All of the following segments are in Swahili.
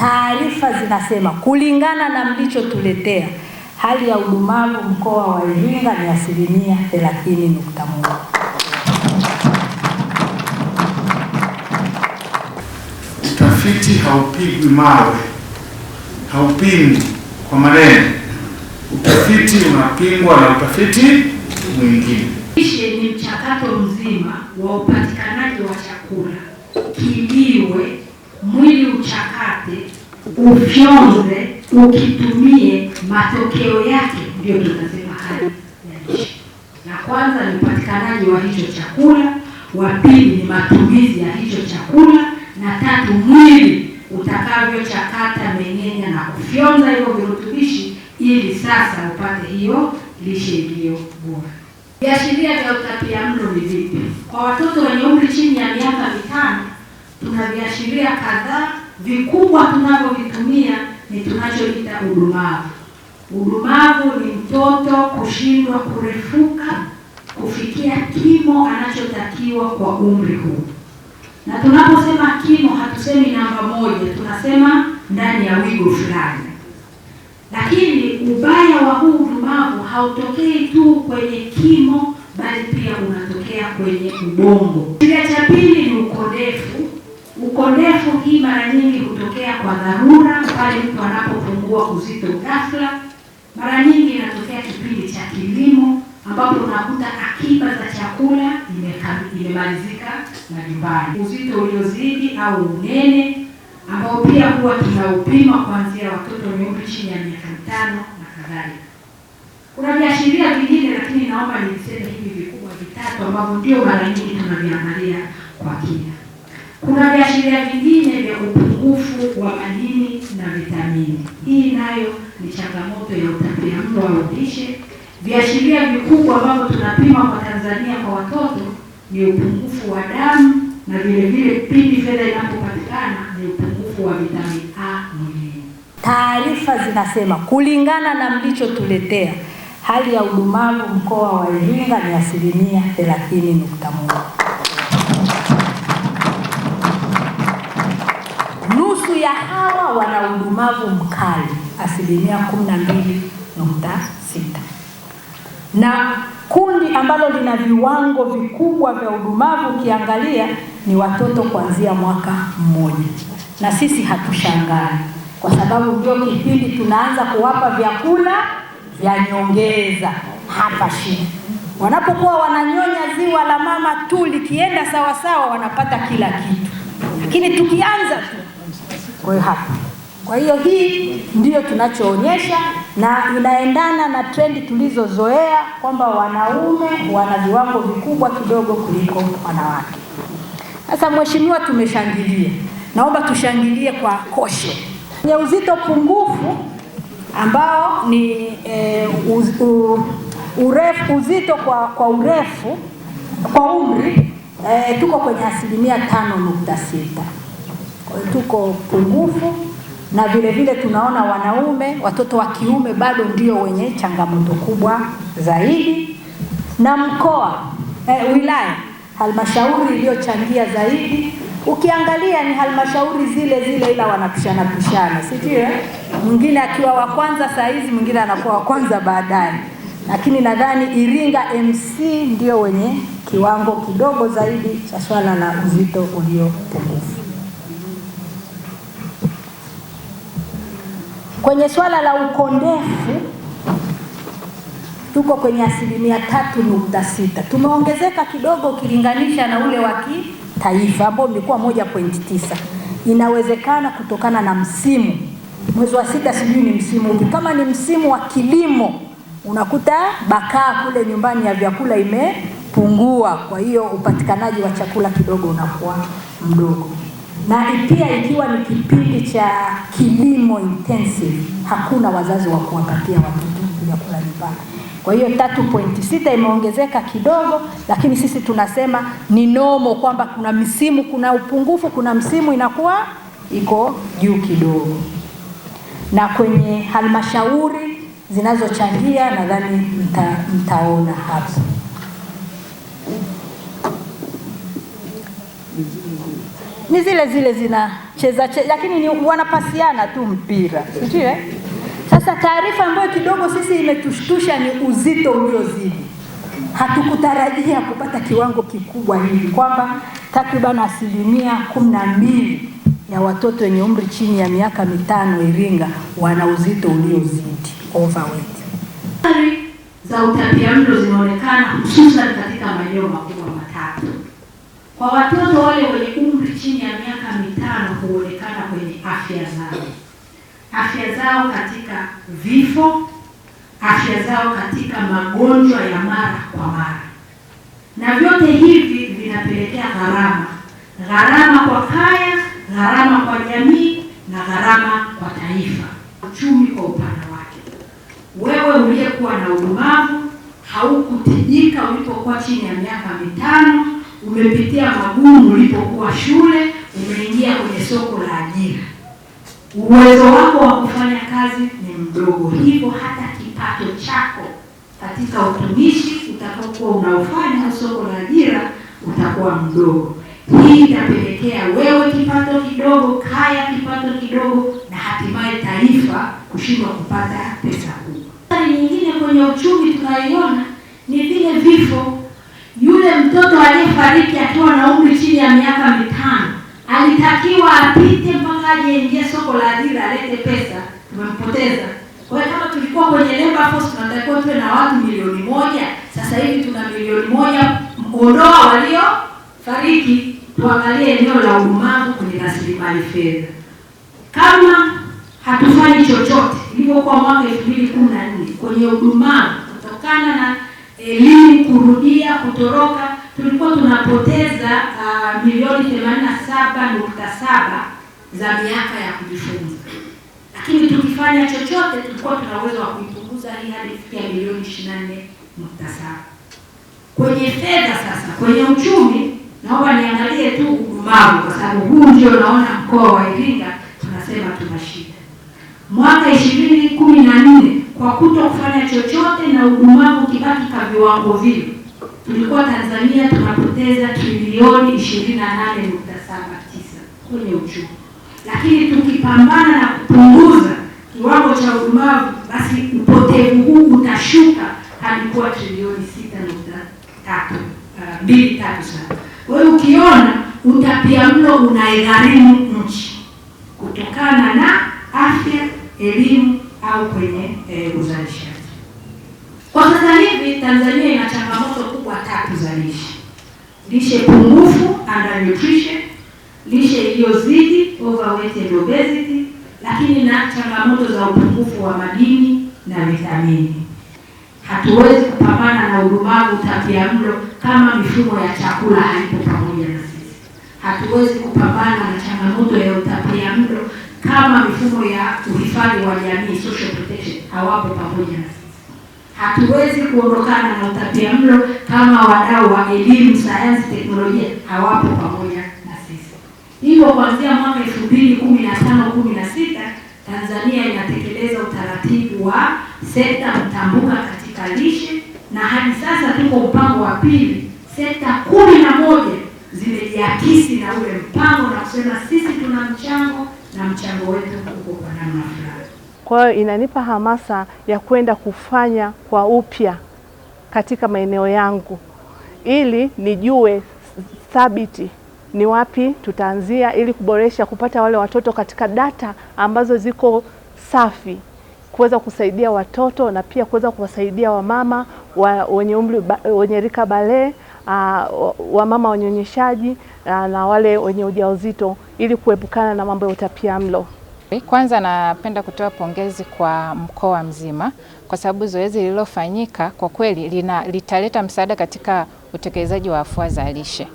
Taarifa zinasema kulingana na mlichotuletea, hali ya udumavu mkoa wa Iringa ni asilimia 30.1. Utafiti haupigwi mawe, haupimwi kwa maneno. Utafiti unapingwa na utafiti mwingine. Lishe ni mchakato mzima wa upatikanaji wa chakula, kiliwe mwili uchakate, ufyonze, ukitumie, matokeo yake ndio tunasema hali ya lishe. Na kwanza ni upatikanaji wa hicho chakula, wa pili ni matumizi ya hicho chakula, na tatu mwili utakavyochakata, meng'enya na kufyonza hivyo virutubishi ili sasa upate hiyo lishe iliyo bora. Viashiria vya utapiamlo ni vipi kwa watoto wenye umri chini ya miaka mitano? tuna viashiria kadhaa vikubwa tunavyovitumia ni tunachoita udumavu. Udumavu ni mtoto kushindwa kurefuka kufikia kimo anachotakiwa kwa umri huu, na tunaposema kimo hatusemi namba moja, tunasema ndani ya wigo fulani. Lakini ubaya wa huu udumavu hautokei tu kwenye kimo, bali pia unatokea kwenye ubongo. Kile cha pili ni ukodefu. Ukondefu hii mara nyingi hutokea kwa dharura, pale mtu anapopungua uzito ghafla. Mara nyingi inatokea kipindi cha kilimo, ambapo unakuta akiba za chakula imemalizika nyumbani. Uzito uliozidi au unene, ambao pia huwa tunaupima kuanzia watoto wenye umri chini ya miaka mitano na kadhalika. Kuna viashiria vingine, lakini naomba niviseme hivi vikubwa vitatu, ambavyo ndio mara nyingi tunaviangalia kwa kina. Kuna viashiria vingine vya upungufu wa madini na vitamini. Hii nayo ni changamoto ya utapiamlo wa lishe. Viashiria vikubwa ambavyo tunapima kwa Tanzania kwa watoto ni upungufu wa damu na vile vile pindi fedha inapopatikana ni upungufu wa vitamini A mwilini. Taarifa zinasema kulingana na mlichotuletea hali ya udumavu mkoa wa Iringa ni asilimia 30.1. ya hawa wana udumavu mkali asilimia 12.6, na kundi ambalo lina viwango vikubwa vya udumavu ukiangalia ni watoto kuanzia mwaka mmoja, na sisi hatushangai kwa sababu ndio kipindi tunaanza kuwapa vyakula vya nyongeza hapa shule. Wanapokuwa wananyonya ziwa la mama tu likienda sawasawa, wanapata kila kitu, lakini tukianza tu kwa hiyo hapa, kwa hiyo hii ndiyo tunachoonyesha na inaendana na trendi tulizozoea kwamba wanaume wana viwango vikubwa kidogo kuliko wanawake. Sasa mheshimiwa, tumeshangilia, naomba tushangilie kwa koshe. Wenye uzito pungufu ambao ni e, uz, u, urefu, uzito kwa, kwa urefu kwa umri e, tuko kwenye asilimia tano nukta sita tuko pungufu, na vile vile tunaona wanaume, watoto wa kiume bado ndio wenye changamoto kubwa zaidi, na mkoa eh, wilaya, halmashauri iliyochangia zaidi ukiangalia ni halmashauri zile zile, ila wanapishana pishana, si ndio? Eh? Mwingine akiwa wa kwanza saa hizi, mwingine anakuwa wa kwanza baadaye, lakini nadhani Iringa MC ndio wenye kiwango kidogo zaidi cha swala la uzito ulio pungufu. Kwenye swala la ukondefu tuko kwenye asilimia tatu nukta sita. Tumeongezeka kidogo ukilinganisha na ule wa kitaifa ambao ulikuwa moja pointi tisa. Inawezekana kutokana na msimu, mwezi wa sita, sijui ni msimu upi. Kama ni msimu wa kilimo, unakuta bakaa kule nyumbani ya vyakula imepungua, kwa hiyo upatikanaji wa chakula kidogo unakuwa mdogo na pia ikiwa ni kipindi cha kilimo intensive, hakuna wazazi wa kuwapatia watoto vyakula nyumbani. Kwa hiyo 3.6 imeongezeka kidogo, lakini sisi tunasema ni nomo kwamba kuna misimu, kuna upungufu, kuna msimu inakuwa iko juu kidogo. Na kwenye halmashauri zinazochangia nadhani mta, mtaona hapo. ni zile zile zinacheza cheza, lakini ni wanapasiana tu mpira sijui eh? Sasa taarifa ambayo kidogo sisi imetushtusha ni uzito uliozidi. Hatukutarajia kupata kiwango kikubwa hivi kwamba takriban asilimia kumi na mbili ya watoto wenye umri chini ya miaka mitano Iringa wana uzito uliozidi overweight. Za utapiamlo zinaonekana hususan katika maeneo makubwa kwa watoto wale wenye umri chini ya miaka mitano huonekana kwenye afya zao, afya zao katika vifo, afya zao katika magonjwa ya mara kwa mara, na vyote hivi vinapelekea gharama, gharama kwa kaya, gharama kwa jamii na gharama kwa taifa, uchumi kwa upana wake. Wewe uliyekuwa na udumavu haukutijika ulipokuwa chini ya miaka mitano umepitia magumu ulipokuwa shule, umeingia kwenye soko la ajira, uwezo wako wa kufanya kazi ni mdogo, hivyo hata kipato chako katika utumishi utakaokuwa unaofanya soko la ajira utakuwa mdogo. Hii itapelekea wewe kipato kidogo, kaya kipato kidogo, na hatimaye taifa kushindwa kupata pesa kubwa. Nyingine kwenye uchumi tunaiona ni vile vifo yule mtoto aliyefariki akiwa na umri chini ya miaka mitano alitakiwa apite mpaka aje ingie soko la ajira alete pesa, tumempoteza. Kwa hiyo kama tulikuwa kwenye labor force tunatakiwa tuwe na watu milioni moja, sasa hivi tuna milioni moja. walio waliofariki tuangalie eneo la udumavu kwenye rasilimali fedha. Kama hatufanyi chochote ilivyokuwa mwaka elfu mbili kumi na nne kwenye udumavu kutokana na elimu kurudia kutoroka, tulikuwa tunapoteza uh, milioni 87.7 za miaka ya kujifunza, lakini tukifanya chochote tulikuwa tuna uwezo wa kuipunguza hii hadi kufikia milioni 24.7. Kwenye fedha sasa, kwenye uchumi, naomba niangalie tu udumavu, kwa sababu huu ndio naona mkoa wa Iringa tunasema tuna shida. Mwaka 2014 kwa kutofanya chochote na udumavu kibaki kwa viwango vile, tulikuwa Tanzania tunapoteza trilioni 28.79 kwenye uchumi, lakini tukipambana na kupunguza kiwango cha udumavu, basi upotevu huu utashuka hadi kuwa trilioni 6.3. Uh, kwa hiyo ukiona utapia mlo unaigharimu nchi kutokana na afya, elimu au kwenye eh, uzalishaji. Kwa sasa hivi Tanzania ina changamoto kubwa tatu za lishe: lishe pungufu undernutrition, lishe iliyozidi overweight and obesity, lakini na changamoto za upungufu wa madini na vitamini. Hatuwezi kupambana na udumavu, mlo kama mifumo ya chakula haipo pamoja na sisi. Hatuwezi kupambana na changamoto ya utapia mlo kama mifumo ya uhifadhi wa jamii social protection hawapo pamoja nasi. Hatuwezi kuondokana na utapia mlo kama wadau wa elimu, sayansi, teknolojia hawapo pamoja na sisi. Hivyo kuanzia mwaka elfu mbili kumi na tano kumi na sita Tanzania inatekeleza utaratibu wa sekta mtambuka katika lishe, na hadi sasa tuko mpango wa pili, sekta kumi na moja zimejiakisi na ule mpango na kusema sisi tuna mchango na mchango wetu uko kwa namna fulani. Kwa hiyo inanipa hamasa ya kwenda kufanya kwa upya katika maeneo yangu ili nijue thabiti ni wapi tutaanzia ili kuboresha kupata wale watoto katika data ambazo ziko safi kuweza kusaidia watoto na pia kuweza kuwasaidia wamama wa, wenye umri wenye rika bale ah, wamama wanyonyeshaji na wale wenye ujauzito ili kuepukana na mambo ya utapiamlo. Kwanza napenda kutoa pongezi kwa mkoa mzima kwa sababu zoezi lililofanyika kwa kweli lina, litaleta msaada katika utekelezaji wa afua za lishe.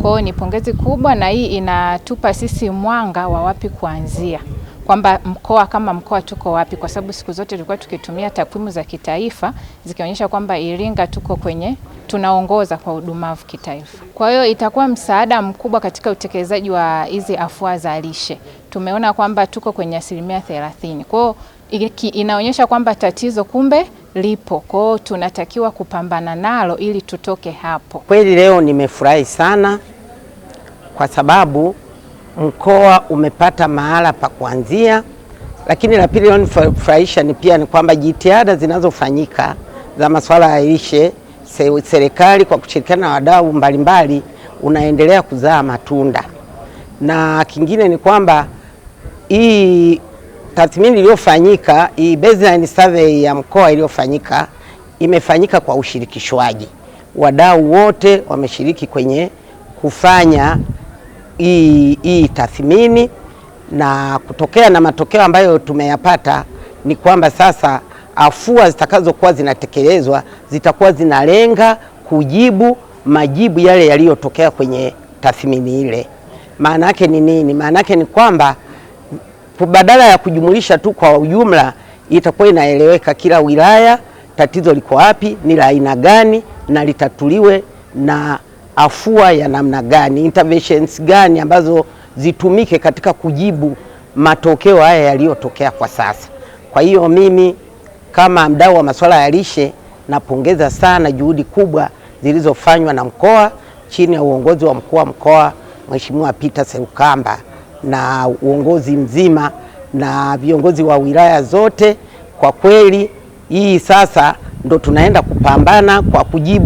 Kwa hiyo ni pongezi kubwa, na hii inatupa sisi mwanga wa wapi kuanzia, kwamba mkoa kama mkoa tuko wapi, kwa sababu siku zote tulikuwa tukitumia takwimu za kitaifa zikionyesha kwamba Iringa tuko kwenye tunaongoza kwa udumavu kitaifa. Kwa hiyo itakuwa msaada mkubwa katika utekelezaji wa hizi afua za lishe. Tumeona kwamba tuko kwenye asilimia thelathini. Kwa hiyo inaonyesha kwamba tatizo kumbe lipo, kwa hiyo tunatakiwa kupambana nalo ili tutoke hapo. Kweli leo nimefurahi sana kwa sababu mkoa umepata mahala pa kuanzia, lakini la pili leo nifurahisha ni pia ni kwamba jitihada zinazofanyika za masuala ya lishe serikali kwa kushirikiana na wadau mbalimbali unaendelea kuzaa matunda, na kingine ni kwamba hii tathmini iliyofanyika, hii baseline survey ya mkoa iliyofanyika imefanyika kwa ushirikishwaji, wadau wote wameshiriki kwenye kufanya hii, hii tathmini na kutokea na matokeo ambayo tumeyapata ni kwamba sasa afua zitakazokuwa zinatekelezwa zitakuwa zinalenga kujibu majibu yale yaliyotokea kwenye tathmini ile. Maana yake ni nini? Maana yake ni kwamba badala ya kujumulisha tu kwa ujumla, itakuwa inaeleweka kila wilaya tatizo liko wapi, ni la aina gani, na litatuliwe na afua ya namna gani, interventions gani ambazo zitumike katika kujibu matokeo haya yaliyotokea kwa sasa. Kwa hiyo mimi kama mdau wa masuala ya lishe, napongeza sana juhudi kubwa zilizofanywa na mkoa chini ya uongozi wa mkuu wa mkoa Mheshimiwa Peter Serukamba na uongozi mzima na viongozi wa wilaya zote. Kwa kweli hii sasa ndo tunaenda kupambana kwa kujibu